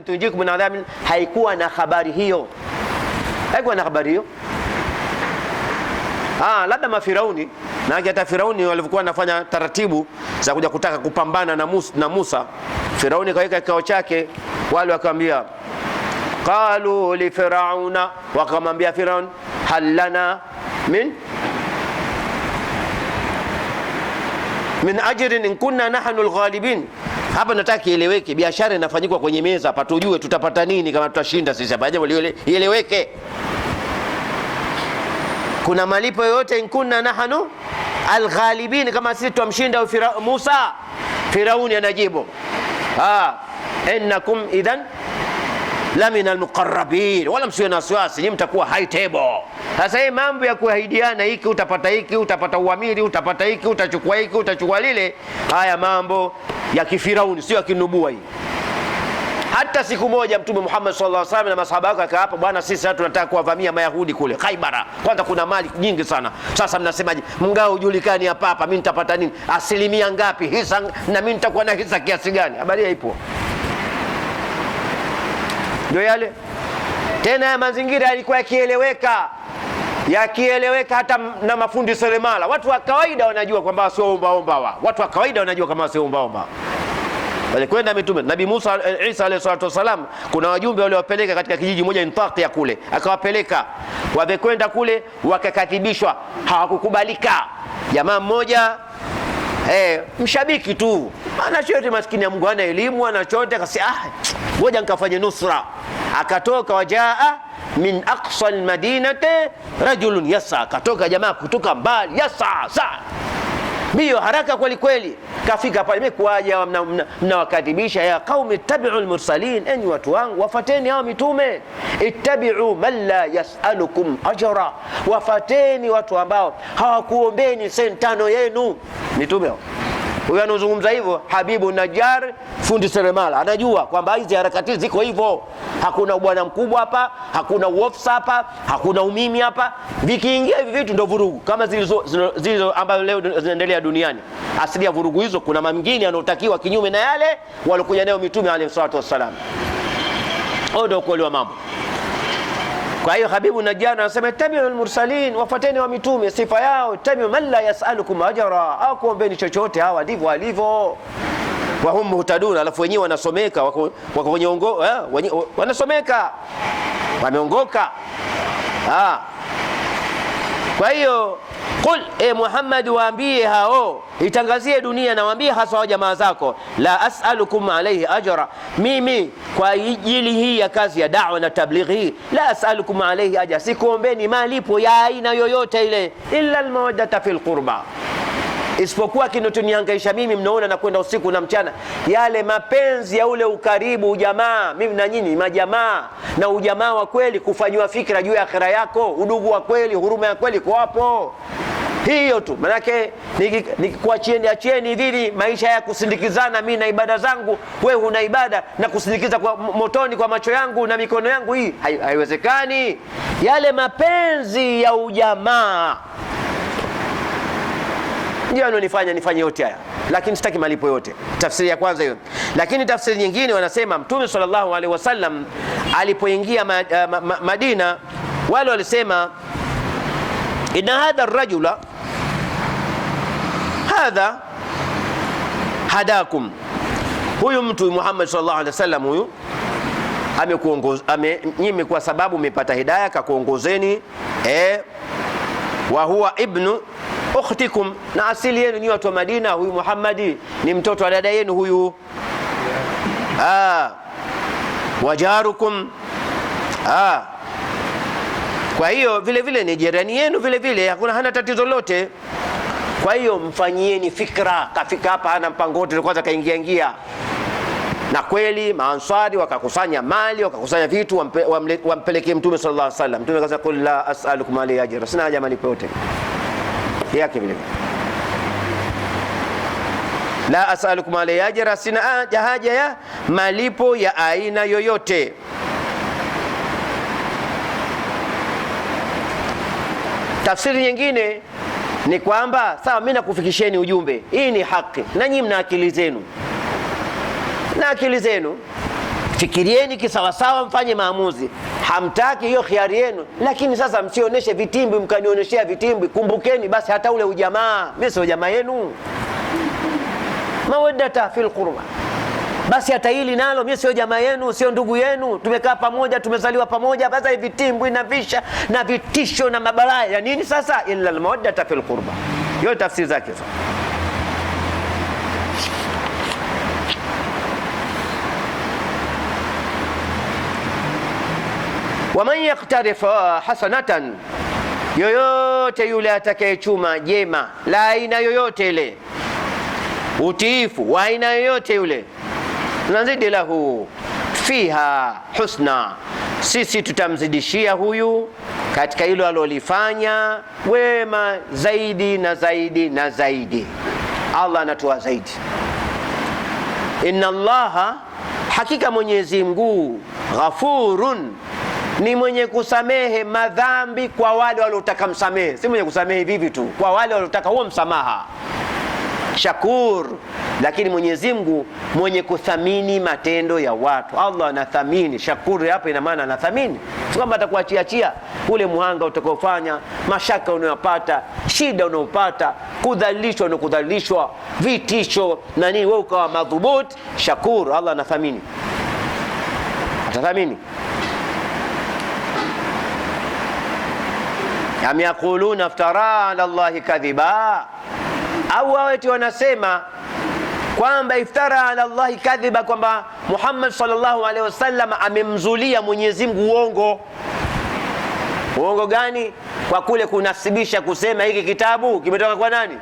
tunjiku min haikuwa na habari hiyo, haikuwa na habari hiyo. Ah, labda mafirauni na hata Firauni walivyokuwa wanafanya taratibu za kuja kutaka kupambana na Musa, na Musa Firauni kaweka kikao chake, wale wakamwambia qalu li firauna, wakamwambia Firaun hal lana min min ajrin in kunna nahnu alghalibin hapa nataka kieleweke, biashara inafanyikwa kwenye meza hapa, tujue tutapata nini kama tutashinda sisi hapa, jambo lieleweke. Kuna malipo yoyote? inkunna nahnu alghalibin, kama sisi twamshinda Fira, Musa. Firauni anajibu ah, innakum idhan la min almuqarrabin, wala msiwe na wasiwasi, ni mtakuwa high table. Sasa hii mambo ya kuahidiana, hiki utapata hiki, utapata uamiri, utapata hiki, utachukua hiki, utachukua lile, haya mambo ya kifirauni, sio ya kinubua hii. Hata siku moja Mtume Muhammad sallallahu alaihi wasallam na masahaba wake akaa bwana, sisi hata tunataka kuwavamia Mayahudi kule Khaibara. Kwanza kuna mali nyingi sana, sasa mnasemaje? Mgao hujulikani hapa hapa, mimi nitapata nini? Asilimia ngapi hisa, na mimi nitakuwa na hisa kiasi gani? Habari haipo. Ndio yale tena ya mazingira yalikuwa yakieleweka yakieleweka hata na mafundi seremala. Watu wa kawaida wanajua kwamba wasioombaomba wa watu wa kawaida wanajua kwamba wasioombaomba walikwenda mitume Nabii Musa eh, Isa alayhi salatu wasalam, kuna wajumbe waliowapeleka katika kijiji moja intaqi ya kule, akawapeleka wamekwenda kule, wakakadhibishwa, hawakukubalika. Jamaa mmoja eh, mshabiki tu ana chote, maskini ya Mungu, ana elimu ana chote, akasema ah, ngoja nikafanye nusra, akatoka wajaa min aqsa almadinati rajulun yasa, katoka jamaa kutoka mbali, yasa sa mbio haraka kweli kweli, kafika pale. mekuwaja mnawakadhibisha? ya qaumi ittabiu lmursalin, enyi watu wangu wafateni hao mitume. ittabiu man la yasalukum ajra, wafateni watu ambao hawakuombeni sentano yenu. Mitume huyo anazungumza hivyo Habibu Najar, fundi seremala, anajua kwamba hizi harakati ziko hivyo. Hakuna bwana mkubwa hapa, hakuna uofisa hapa, hakuna umimi hapa. Vikiingia hivi vitu ndio vurugu kama zilizo zilizo ambazo leo zinaendelea duniani. Asili ya vurugu hizo kuna mamingine yanayotakiwa kinyume na yale waliokuja nayo mitume alayhi salatu wassalam. Huo ndio ukweli wa mambo. Kwa hiyo Habibu Najjar anasema tabiu al-mursalin, wafuateni wa mitume, sifa yao tabiu man la yasalukum ajra, au kuombeni chochote. Hawa ndivyo walivyo wahum muhtadun, alafu wenyewe wanasomeka, wako kwenye ongo, eh, wanasomeka, wameongoka ah kwa hiyo qul, e Muhammad, waambie hao, itangazie dunia na hasa wa jamaa zako, la as'alukum alayhi ajra, mimi kwa ajili hii ya kazi ya da'wa na tablighi la as'alukum alayhi ajra, sikuombeni malipo ya aina yoyote ile, illa almawaddata fil qurba isipokuwa kinachoniangaisha mimi, mnaona na kwenda usiku na mchana, yale mapenzi ya ule ukaribu, ujamaa. Mimi na nyinyi majamaa, na ujamaa wa kweli, kufanywa fikra juu ya akhira yako, udugu wa kweli, huruma ya kweli, kwapo hiyo tu manake, nikikuachieni achieni dhili maisha ya kusindikizana, mi na ibada zangu, we huna ibada, na kusindikiza kwa motoni kwa macho yangu na mikono yangu, hii haiwezekani. Yale mapenzi ya ujamaa ndio anonifanya nifanye yote haya, lakini sitaki malipo yote. Tafsiri ya kwanza hiyo, lakini tafsiri nyingine wanasema Mtume sallallahu alaihi wasallam alipoingia ma, eh, ma, ma, Madina, wale walisema inna hadha rajula hadha hadakum, huyu mtu Muhammad sallallahu alaihi wasallam huyu ame, nyimi kwa sababu umepata hidaya kakuongozeni, eh, wa huwa ibnu ukhtikum, na asili yenu ni watu wa Madina, huyu Muhammadi ni mtoto wa dada yenu huyu. Ah, wajarukum ah. Kwa hiyo vile vile ni jirani yenu vile vile, hakuna hana tatizo lote. Kwa hiyo mfanyieni fikra, kafika hapa hana mpango wote, kwanza kaingia ingia na kweli maanswari wakakusanya mali wakakusanya vitu wampelekee Mtume sallallahu alaihi wasallam. Mtume akasema, qul la as'alukum alayhi ajra, sina haja malipo yote yake vile la asalukum alayhi ajra, sina ah, haja ya malipo ya aina yoyote. Tafsiri nyingine ni kwamba sawa, mimi nakufikisheni ujumbe, hii ni haki, na nyinyi mna akili zenu, na akili zenu fikirieni kisawasawa, mfanye maamuzi hamtaki hiyo khiari yenu, lakini sasa msionyeshe vitimbwi mkanionyeshea vitimbwi. Kumbukeni basi hata ule ujamaa, mimi sio jamaa yenu. Mawaddata fil qurba, basi hata hili nalo mimi sio jamaa yenu, sio ndugu yenu. Tumekaa pamoja, tumezaliwa pamoja, basi vitimbwi na visha na vitisho na mabalaa ya nini sasa? Illa almawaddata fil qurba, hiyo tafsiri zake sasa waman yaktarifa hasanatan, yoyote yule atakayechuma jema la aina yoyote ile, utiifu wa aina yoyote yule, tunazidi lahu fiha husna, sisi tutamzidishia huyu katika hilo alolifanya wema zaidi na zaidi na zaidi. Allah anatoa zaidi. Inna Allaha, hakika Mwenyezi Mungu ghafurun ni mwenye kusamehe madhambi kwa wale waliotaka msamehe, si mwenye kusamehe vivi tu, kwa wale waliotaka huo msamaha. Shakur, lakini Mwenyezi Mungu mwenye kuthamini matendo ya watu. Allah anathamini. shakur hapa ina maana anathamini, si kwamba atakuachiachia ule muhanga utakaofanya, mashaka unayopata, shida unayopata, kudhalilishwa unakudhalilishwa, vitisho na nini, wewe ukawa madhubuti. Shakur, Allah anathamini, atathamini. am yaquluna aftara ala llahi kadhiba, au waweti wanasema kwamba iftara ala llahi kadhiba, kwamba Muhammad sallallahu alaihi wasallam amemzulia Mwenyezi Mungu uongo. Uongo gani? Kwa kule kunasibisha kusema hiki kitabu kimetoka kwa nani?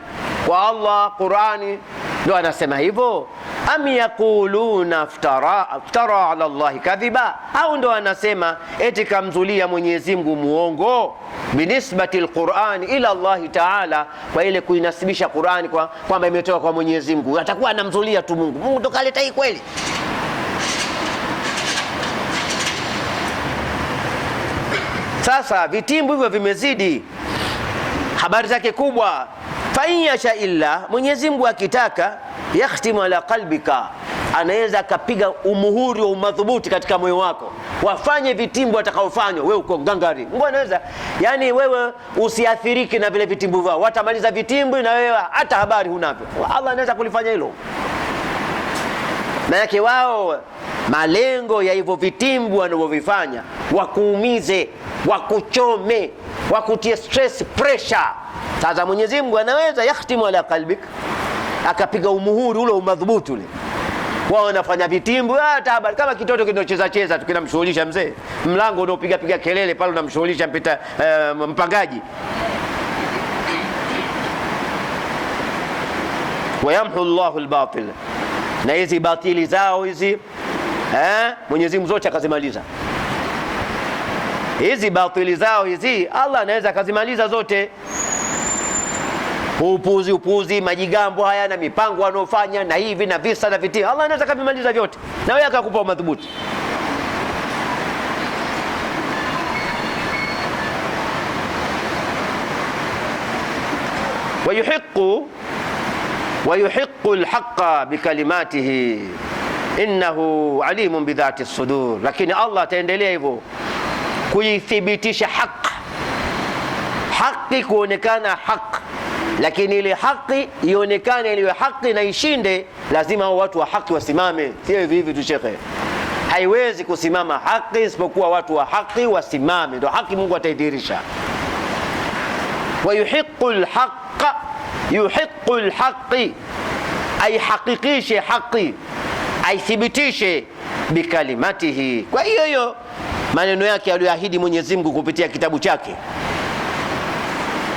Kwa Allah, Qurani ndio anasema hivyo am yaquluna iftara ala llahi kadhiba, au ndo anasema eti kamzulia Mwenyezi Mungu muongo. Binisbati lqurani ila llahi taala, kwa ile kuinasibisha Qurani kwamba kwa imetoka kwa Mwenyezi Mungu, atakuwa anamzulia tu Mungu. Mungu ndo kaleta hii kweli? Sasa vitimbu hivyo vimezidi, habari zake kubwa. fainyasha yasha illa, Mwenyezi Mungu akitaka yakhtimu ala qalbika, anaweza akapiga umuhuri wa umadhubuti katika moyo wako, wafanye vitimbu watakaofanywa wewe, uko gangari mbona anaweza yani, wewe usiathiriki na vile vitimbu vao watamaliza vitimbu na wewe hata habari hunavyo. Allah anaweza kulifanya hilo, maanake wao malengo ya hivyo vitimbu wanavyovifanya wakuumize, wakuchome, wakutie stress pressure. Sasa Mwenyezi Mungu anaweza yakhtimu ala qalbika akapiga umuhuri ule umadhubuti ule wao wanafanya vitimbu ah, taba kama kitoto kinachocheza cheza tu kinamshughulisha mzee, mlango unaopiga piga kelele pale unamshughulisha mpita uh, mpangaji. Wayamhu llahu lbatil, na hizi batili zao hizi eh, Mwenyezi Mungu zote akazimaliza hizi batili zao hizi, Allah anaweza akazimaliza zote upuzi upuzi majigambo haya na mipango wanaofanya na hivi na visa na vitia. Allah anaweza kavimaliza vyote na wewe akakupa madhubuti. Wayuhiqu wayuhiqu alhaqa bikalimatihi innahu alimun bidhati sudur, lakini Allah ataendelea hivyo kuithibitisha haq haki kuonekana haq lakini ile haki ionekane iliyo haki na ishinde, lazima hao watu wa haki wasimame, sio hivi hivi tu shekhe. Haiwezi kusimama haki isipokuwa watu wa haki wasimame, ndio haki Mungu ataidhirisha. Wayuhiqu lhaqa yuhiqu lhaqi, aihakikishe haki, aithibitishe bikalimatihi, kwa hiyo hiyo maneno yake aliyoahidi Mwenyezi Mungu kupitia kitabu chake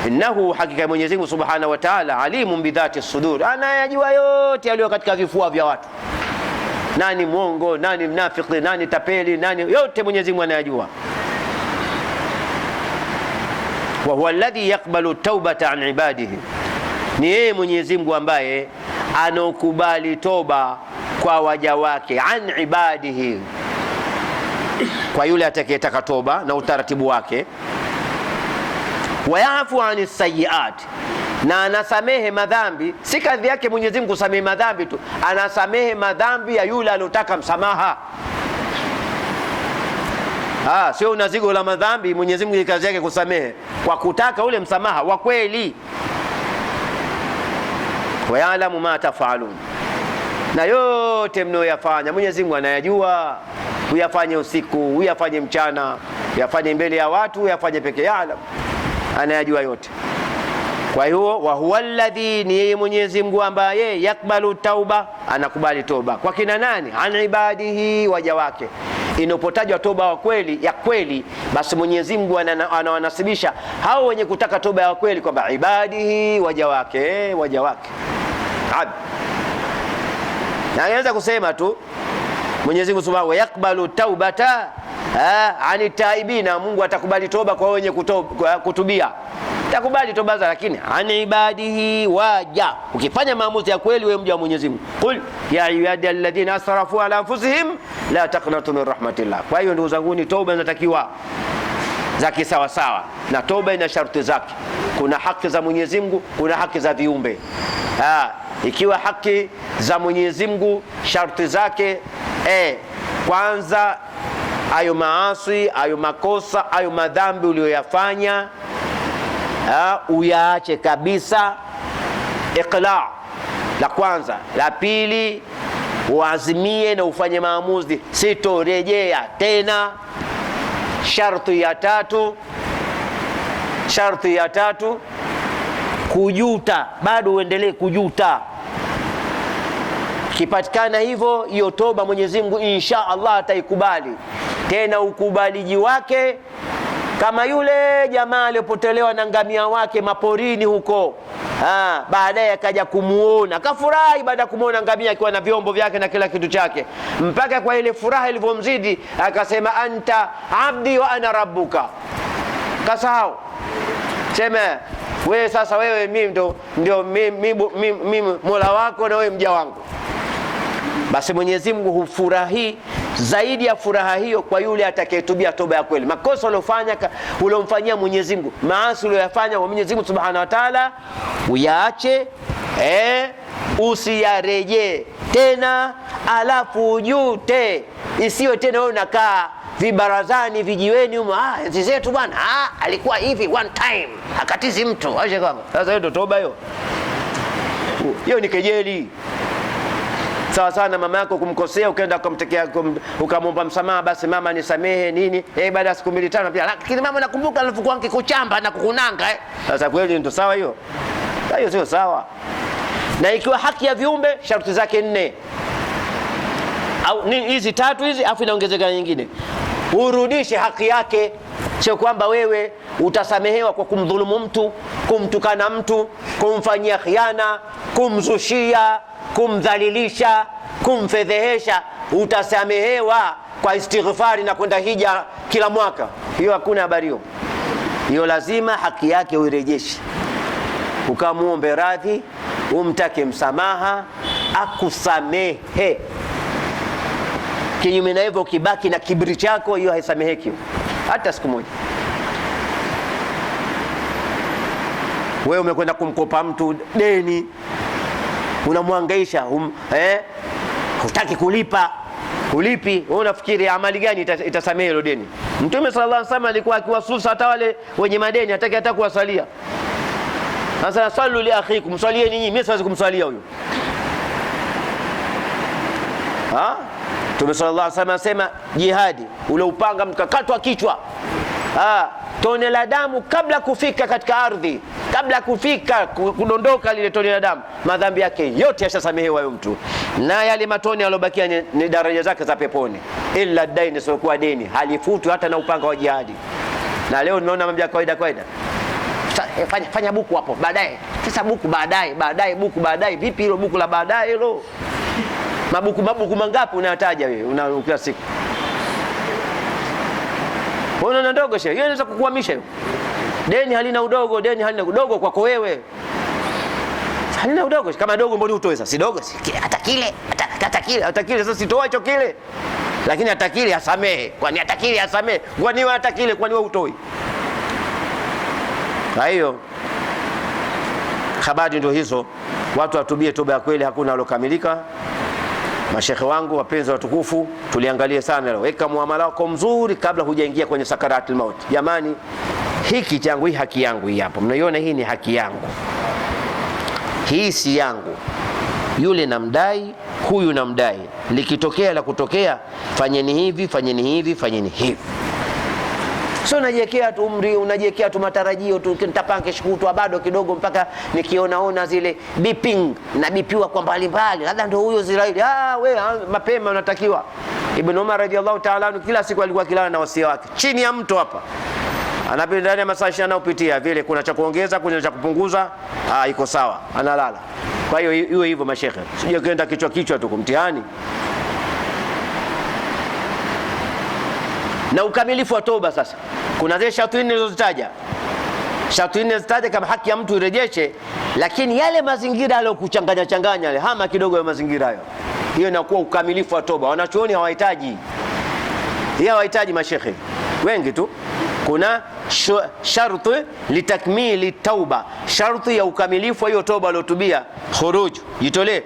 innahu, hakika Mwenyezi Mungu Subhanahu wa Ta'ala, alimun bidhati sudur, anayajua yote yaliyo katika vifua vya watu. Nani mwongo, nani mnafiki, nani tapeli, nani yote, Mwenyezi Mungu anayajua. Wa huwa alladhi yaqbalu taubata an ibadihi, ni yeye Mwenyezi Mungu ambaye anaokubali toba kwa waja wake, an ibadihi, kwa yule atakayetaka toba na utaratibu wake wayafu ani sayiat na anasamehe madhambi. Si kadhi yake Mwenyezi Mungu kusamehe madhambi tu, anasamehe madhambi ya yule aliotaka msamaha. Ah, sio una zigo la madhambi. Mwenyezi Mungu kazi yake kusamehe kwa kutaka ule msamaha wa kweli. Wayalamu ma tafalun, na yote mnayoyafanya Mwenyezi Mungu anayajua. Uyafanye usiku, uyafanye mchana, huyafanye mbele ya watu, huyafanye peke yake anayajua yote. Kwa hiyo wa huwa alladhi, ni yeye Mwenyezi Mungu ambaye yakbalu tauba, anakubali toba kwa kina nani? An ibadihi, waja wake. Inapotajwa toba wa kweli ya kweli, basi Mwenyezi Mungu anawanasibisha hao wenye kutaka toba ya kweli kwamba ibadihi, waja wake, waja wake abd. anaweza kusema tu Mwenyezi Mungu subhanahu wa yakbalu taubata anitaibina, Mungu atakubali toba kwa wenye kutubia, takubali toba za, lakini an ibadihi waja. Ukifanya maamuzi ya kweli, wewe mja wa Mwenyezi Mungu, qul ya ibadi alladhina asrafu ala anfusihim la taqnatu min rahmatillah. Kwa hiyo ndugu zangu, toba inatakiwa za kisawasawa, na toba ina sharti zake. Kuna haki za Mwenyezi Mungu, kuna haki za viumbe. Ha, ikiwa haki za Mwenyezi Mungu sharti zake eh, kwanza hayo maasi, hayo makosa, hayo madhambi uliyoyafanya uyaache kabisa. Iqla la kwanza. La pili, uazimie na ufanye maamuzi, sitorejea tena. Sharti ya tatu, sharti ya tatu, kujuta, bado uendelee kujuta. Kipatikana hivyo hiyo toba, Mwenyezi Mungu insha Allah ataikubali tena ukubaliji wake kama yule jamaa aliyopotelewa na ngamia wake maporini huko. Baadaye akaja kumuona, akafurahi baada ya kumuona ngamia akiwa na vyombo vyake na kila kitu chake, mpaka kwa ile furaha ilivyomzidi akasema, anta abdi wa ana rabbuka. Kasahau sema wewe sasa, wewe mimi ndo ndio mimi mola wako na wewe mja wangu. Basi Mwenyezi Mungu hufurahi zaidi ya furaha hiyo kwa yule atakayetubia toba ya kweli. Makosa uliofanya uliomfanyia Mwenyezi Mungu, maasi uliyofanya kwa Mwenyezi Mungu Subhanahu wa Ta'ala, uyaache eh, usiyarejee tena, alafu ujute, isiwe tena wewe unakaa vibarazani vijiweni humo, ah, enzi zetu bwana, ah, alikuwa hivi one time akatizi mtu. Sasa hiyo ndio toba hiyo, hiyo ni kejeli sawa sawa na mama yako kumkosea, ukaenda ukamtekea ukamwomba msamaha, basi mama nisamehe nini, eh, baada ya siku mbili tano, pia lakini mama nakumbuka alivyokuwa akikuchamba na kukunanga eh. Sasa kweli ndio sawa hiyo? Hiyo sio sawa. Na ikiwa haki ya viumbe sharti zake nne au hizi tatu hizi, afu inaongezeka nyingine, urudishe haki yake, sio kwamba wewe utasamehewa kwa kumdhulumu mtu, kumtukana mtu, kumfanyia khiana, kumzushia kumdhalilisha, kumfedhehesha, utasamehewa kwa istighfari na kwenda hija kila mwaka. Hiyo hakuna habari hiyo hiyo, lazima haki yake uirejeshe, ukamwombe radhi, umtake msamaha, akusamehe. Kinyume na hivyo, ukibaki na kiburi chako, hiyo haisameheki hata siku moja. Wewe umekwenda kumkopa mtu deni unamwangaisha um, eh, hutaki kulipa ulipi wewe, unafikiri amali gani itasamehe hilo deni? Mtume sallallahu alaihi wasallam alikuwa akiwasusa hata wale wenye madeni, hataki hata kuwasalia. Sasa sallu li akhikum, swalieni nyinyi, mimi siwezi kumswalia huyo. Ha? Mtume sallallahu alaihi wasallam asema jihadi ule upanga mkakatwa kichwa, ha tone la damu kabla kufika katika ardhi kabla kufika kudondoka lile tone la damu, madhambi yake yote yashasamehewa huyo mtu, na yale matone yalobakia ni, ni daraja zake za peponi. Illa daini, siokuwa deni halifutwi hata na upanga wa jihadi. Na leo nimeona mambo ya kawaida kawaida eh, Fanya, fanya buku hapo baadaye. Sasa buku baadaye, baadaye buku baadaye, vipi hilo buku la baadaye hilo? Mabuku mabuku mangapi unayataja wewe? Una kila siku. Unaona ndogo shehe. Hiyo inaweza kukuhamisha hiyo. Deni halina udogo, deni halina udogo kwako wewe, halina udogo. Kama dogo mbona utoe sasa? Si dogo si hata kile, hata kile, hata kile. Sasa sitoa hicho kile, lakini hata kile asamehe. Kwani hata kile asamehe? Kwani wewe hata kile, kwani wewe utoi? Kwa hiyo habari ndio hizo, watu watubie toba ya kweli, hakuna alokamilika. Mashekhe wangu wapenzi watukufu, tuliangalie sana leo, weka muamala wako mzuri kabla hujaingia kwenye sakaratul maut jamani hiki changu, hii haki yangu hii hapo, mnaiona hii ni haki yangu, hii si yangu. Yule namdai, huyu namdai, likitokea la kutokea, fanyeni hivi, fanyeni hivi, fanyeni hivi. Sio unajiwekea tu umri, unajiwekea tu matarajio tu, nitapanga keshokutwa bado kidogo, mpaka nikionaona zile biping na bipiwa kwa mbali, labda ndio huyo Israeli. Ah, we ah, mapema unatakiwa. Ibn Umar radhiallahu ta'ala kila siku alikuwa kilala na wasia wake chini ya mto hapa anapita ndani ya masaa 20 anayopitia vile, kuna cha kuongeza, kuna cha kupunguza, ah, iko sawa, analala. Kwa hiyo iwe hivyo mashekhe, sije kwenda kichwa kichwa tu kumtihani. Na ukamilifu wa toba sasa, kuna zile sharti nne nilizozitaja, sharti nne zitaja kama haki ya mtu irejeshe, lakini yale mazingira aliyokuchanganya changanya yale, hama kidogo ya mazingira hayo, hiyo inakuwa ukamilifu wa toba. Wanachuoni hawahitaji hii, hawahitaji mashekhe wengi tu kuna sharti litakmili tauba, sharti ya ukamilifu wa hiyo toba aliotubia, khuruj, jitolee.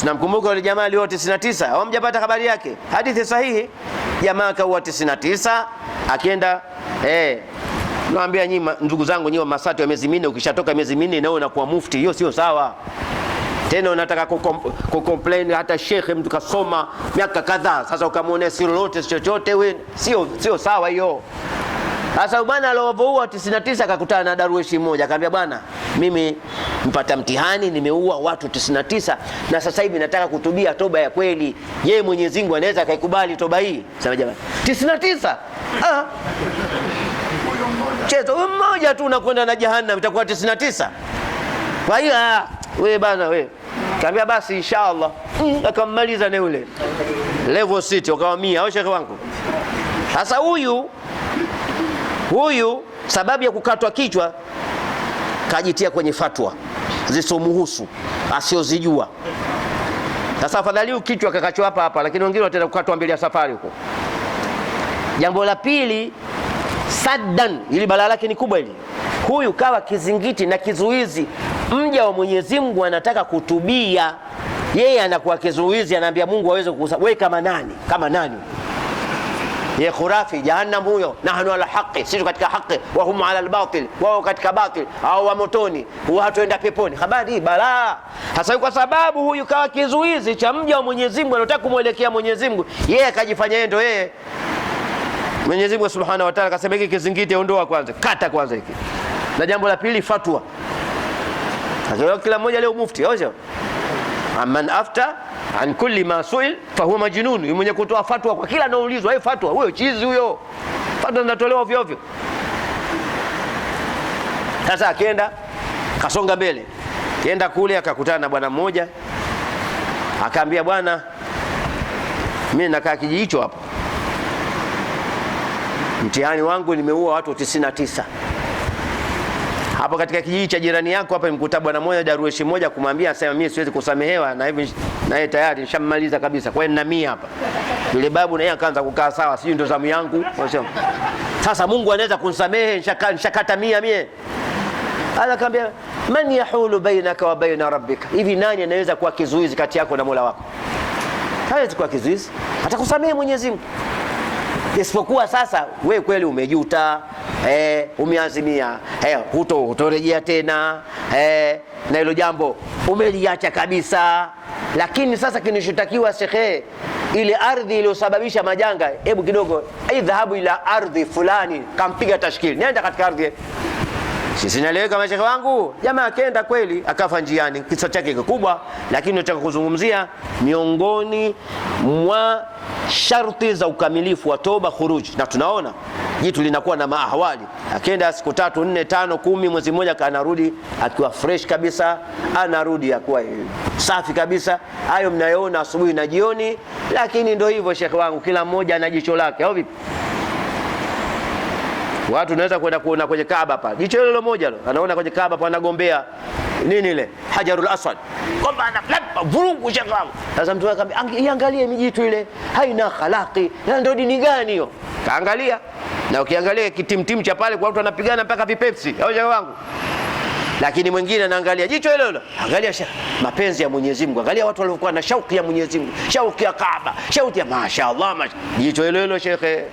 Tunamkumbuka yule jamaa alio 99, mjapata habari yake. Hadithi sahihi, jamaa kaua 99, akienda eh Naambia nyinyi ndugu zangu, nyinyi Masatu wa miezi minne, ukishatoka miezi minne nawe unakuwa mufti, hiyo sio sawa. Tena unataka ku complain hata shekhe, mtu kasoma miaka kadhaa, sasa ukamwonea si lolote chochote, wewe sio sio sawa hiyo. Sasa bwana aliovoua 99 akakutana na darueshi mmoja akamwambia, bwana, mimi mpata mtihani, nimeua watu 99 na sasa hivi nataka kutubia toba ya kweli. Je, Mwenyezi Mungu anaweza akaikubali toba hii? Sema jamani, 99 ah, mmoja tu unakwenda na jahannam, itakuwa 99. Kwa hiyo ah, wewe bana, wewe kaambia basi inshallah, mm, akammaliza na yule level city, wakawa 100 au shekhi wangu. Sasa huyu Huyu sababu ya kukatwa kichwa kajitia kwenye fatwa zisomuhusu asiozijua. Sasa afadhali huyu kichwa kakachwa hapa hapa, lakini wengine wataenda kukatwa mbele ya safari huko. Jambo la pili, saddan, ili balaa lake ni kubwa, ili huyu kawa kizingiti na kizuizi. Mja wa Mwenyezi Mungu anataka kutubia, yeye anakuwa kizuizi, anaambia Mungu aweze kukusa wewe kama nani, kama nani ya khurafi jahannam huyo, nahnu ala haqi, sisi katika haqi, wa ala albatil, wao katika batil, au wa motoni, hatuenda peponi. Habari bala hasa. Kwa sababu huyu kawa kizuizi cha mja wa Mwenyezi Mungu, anataka kumwelekea Mwenyezi Mungu, yeye akajifanya yeye ndo yeye. Mwenyezi Mungu Subhanahu wa Ta'ala akasema hiki kizingiti ondoa kwanza, kata kwanza hiki, na jambo la pili fatwa. Kila mmoja leo mufti au sio? amman afta an kulli ma suil fahuwa majnun, mwenye kutoa fatwa kwa kila anaulizwa hey, fatwa huyo chizi huyo, fatwa zinatolewa ovyo ovyo. Sasa akienda kasonga mbele, kienda kule akakutana na bwana mmoja akaambia, bwana, mimi nakaa kijiji hicho hapo, mtihani wangu nimeua watu 99 hapo katika kijiji cha jirani yako hapa, imkuta bwana mmoja darueshi mmoja kumwambia, asema mimi siwezi kusamehewa na hivi na yeye tayari nishammaliza kabisa, kwa hiyo na mimi hapa. Yule babu na yeye akaanza kukaa sawa, sijui ndo zamu yangu, anasema sasa Mungu anaweza kunisamehe, nishakata mia mie Ala kaambia man yahulu bainaka wa baina rabbika, hivi nani anaweza kuwa kizuizi kati yako na Mola wako? Hawezi kuwa kizuizi, atakusamehe Mwenyezi Mungu, isipokuwa sasa we kweli umejuta, eh, umeazimia eh, hutorejea tena eh, na hilo jambo umeliacha kabisa. Lakini sasa kinachotakiwa shekhe, ile ardhi iliyosababisha majanga, hebu kidogo, dhahabu ila ardhi fulani, kampiga tashkili, nenda katika ardhi Sinaeleweka mashehe wangu? Jamaa akaenda kweli, akafa njiani. Kisa chake kikubwa, lakini nataka kuzungumzia miongoni mwa sharti za ukamilifu wa toba khuruj, na tunaona jitu linakuwa na maahwali. Akenda siku tatu, nne, tano, kumi, mwezi mmoja, anarudi akiwa fresh kabisa, anarudi akiwa safi kabisa. Hayo mnayoona asubuhi na jioni, lakini ndio hivyo shekhe wangu, kila mmoja ana jicho lake, au vipi? Watu naweza kwenda kuona kwenye Kaaba pale, jicho hilo moja lo anaona kwenye Kaaba pale anagombea nini ile Hajarul Aswad, kwamba ana vurungu shaka. Sasa mtu akamwambia, angalia mijitu ile haina khalaki, na ndio dini gani hiyo? Kaangalia na ukiangalia kitimtimu cha pale kwa watu wanapigana mpaka vipepsi, au shaka wangu lakini mwingine anaangalia jicho hilo hilo, angalia shaka, mapenzi ya Mwenyezi Mungu, angalia watu waliokuwa na shauki ya Mwenyezi Mungu, shauki ya Kaaba, shauki ya mashaallah, jicho hilo hilo shekhe